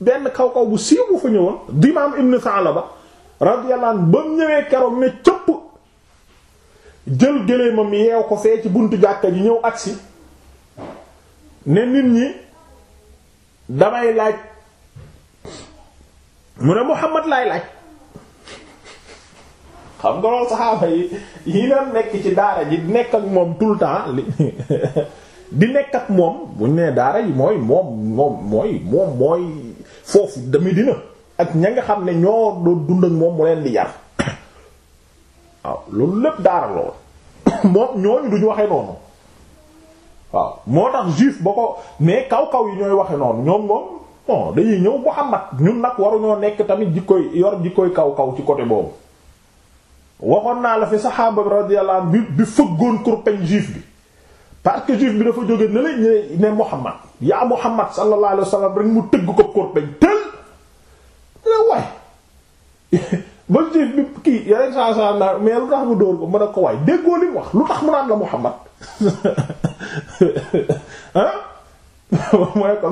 benn kaw kaw bu siiw bu fa ñëwoon dimaam ibn Sa'laba radiyallahu anhu ba mu ñëwee keroog ne cëpp jël géléemam yeew ko fee ci buntu jàkka ji ñëw agsi ne nit ñi damay laaj mu ne Muhammad laay laaj xam nga loolu saxaaba yi yi na nekk ci daara ji nekk ak moom tout di nekk ak moom buñ nee daara yi mooy moom moom mooy foofu dama dina ak ña nga xam ne ñoo doon dund ak moom mu leen di yar waaw loolu lépp daara la woon moom ñooñu duñu waxe noonu waaw moo tax juif ba ko mais kaw kaw yi ñooy waxe noonu ñoom moom bon dañuy ñëw Muhammad ñun nag waruñoo nekk tamit jikkoy yor jikkoy kaw kaw ci côté boobu waxoon naa la fi saxaaba radiyallahu bi bi fëggoon kurpeñ juif bi parce que juif bi dafa jóge ne la ne Muhammad yaa Muhammad sallallahu alayhi wa sallam rek mu tëgg ko korpeñ tël ne waay ba juif bi kii yàlla saa saa naan mais lu tax mu dóor ko mën a ko waay déggoo li mu wax lu tax mu naan la Muhammad mooy ko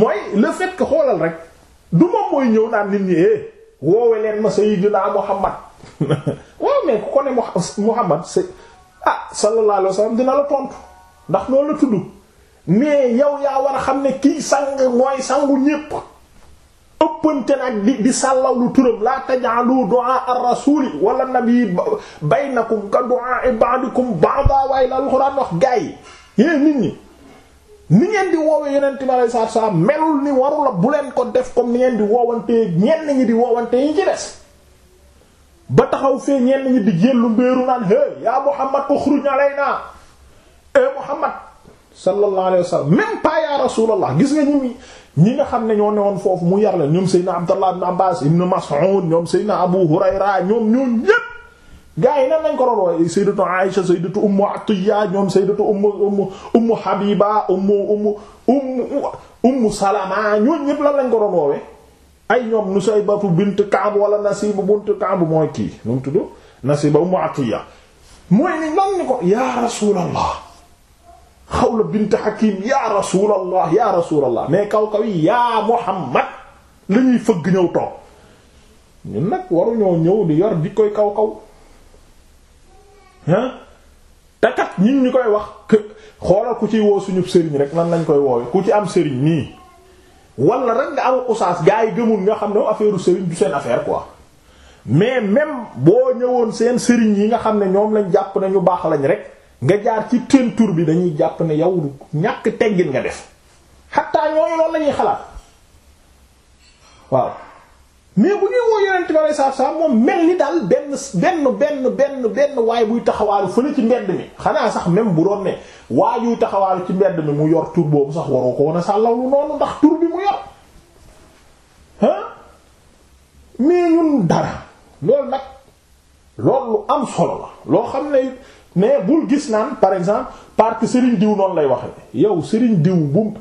mais xoolal rek du moom mooy ñëw naan nit ñi eh woowe leen ma Sayyidina Muhammad waaw mais ku ko ne Muhammad ah sallallahu alayhi wasallam dina la tontu ndax noonu la tudd mais yow yaa war a xam ne kii sang mooy sangu ñépp ëppante nag di di sàllaw lu turam la taj'alu du'a ar-rasuli wala nabi baynakum ka du'a ba'dikum ba'da wa ila al-quran wax gaa yi yéen nit ñi ni ngeen di woowee yonent bi alayhi salaatu wa salaam melul ni warula bu leen ko def comme ni ngeen di woowantee ñenn ñi di woowante yi ci des ba taxaw fee ñenn ñi di lu mbéeru naan hé yaa Muhammad uxruj alayna e Muhammad sallallahu alayhi wa sallam même pas ya Rasulullah gis nga ñi ñi nga xam ne ñoo newoon foofu mu yar la ñoom Seydina Abdallah ibn Abbas ibn Mas'ud ñoom Seydina Abu Hurayra ñoom ñoom ñépp gaa yi nan lañ ko doon woowe sayyidatu Aisha sayyidatu Ummu Atiyya ñoom sayyidatu Ummu Ummu Ummu Habiba Ummu Ummu Ummu Ummu Salama ñoom ñépp lan lañ ko doon woowe ay ñoom Nusaybatu bint Kaab wala Nasiba bint Kaab mooy kii nu mu tudd Nasiba mu Atiya mooy ni nan ni ko yaa rasulallah Xawla bint Hakim yaa rasulallah yaa rasulallah mais kaw kaw yi yaa Muhammad la ñuy fëgg ñëw toog ñun nag waruñoo ñëw di yor di koy kaw kaw ah te kat ñun ñu koy wax que xoolal ku ciy woo suñu sëriñ rek nan lañ koy woowee ku ci am sëriñ nii. wala rek nga am usaas gaa yi gëmul nga xam ne affaire sëriñ du seen affaire quoi mais même boo ñëwoon seen sëriñ yi nga xam ne ñoom lañ jàpp ne ñu baax lañ rek nga jaar ci teen tur bi dañuy jàpp ne yow ñàkk teggin nga def xataa ñooñu loolu lañuy xalaat waaw mais bu ñuy woo yonent bi alei satu salaam moom mel ni daal benn benn benn benn benn waay buy taxawaalu fële ci mbedd mi xanaa sax même bu doon ne waajuy taxawaalu ci mbedd mi mu yor tur boobu sax waroo ko woon a sàllawlu noonu ndax tur bi mu yor ah mais dara loolu nag loolu am solo la loo xam ne mais bul gis naan par exemple parce que Serigne diw noonu lay waxe yow sëriñ diw bu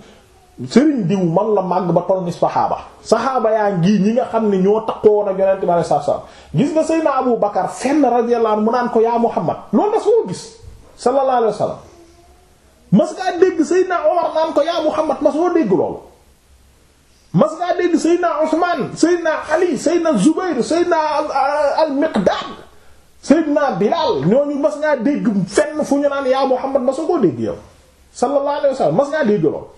sëriñ diw man la màgg ba toll ni saxaaba saxaaba yaa ngi ñi nga xam ne ñoo tax ak yonent bi sallallahu gis nga Seydina Abu Bakar fenn radiyallahu mu naan ko yaa Muhammad loolu da soo gis sallallahu alayhi wasallam mas ngaa dégg Seydina Omar naan ko yaa Muhammad ma soo dégg loolu mas ngaa dégg Seydina Usman Seydina Ali Seydina Zubayr Seydina al-Miqdad Seydina Bilal ñooñu mas ngaa dégg fenn fu ñu naan yaa Muhammad ma soo koo dégg yow sallallahu alayhi wasallam mas ngaa dégg loolu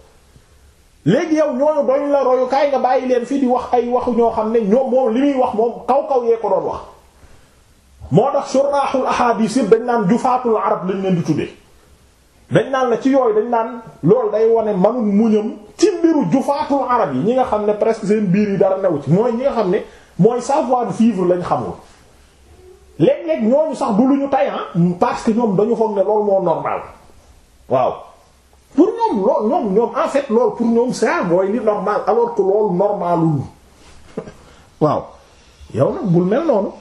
léegi yow ñooñu doñ la royukaay nga bàyyi leen fii di wax ay waxu ñoo xam ne ñoom moom li muy wax moom kaw kaw yee ko doon wax moo tax suraaxul ahadis yëpp dañ naan jufaatul arab lañ leen di tuddee dañ naan la ci yooyu dañ naan loolu day wane manul muñam ci mbiru jufaatul arab yi ñi nga xam ne presque seen biir yi dara new ci mooy ñi nga xam ne mooy savoir vivre lañ xamul léeg nekk ñooñu sax du lu ñu tay ah, parce que ñoom dañu foog ne loolu moo normal pour ñoom lool ñoom ñoom en fait lool pour ñoom ça mooy li normal alors que loolu normalul waaw yow nag bul mel noonu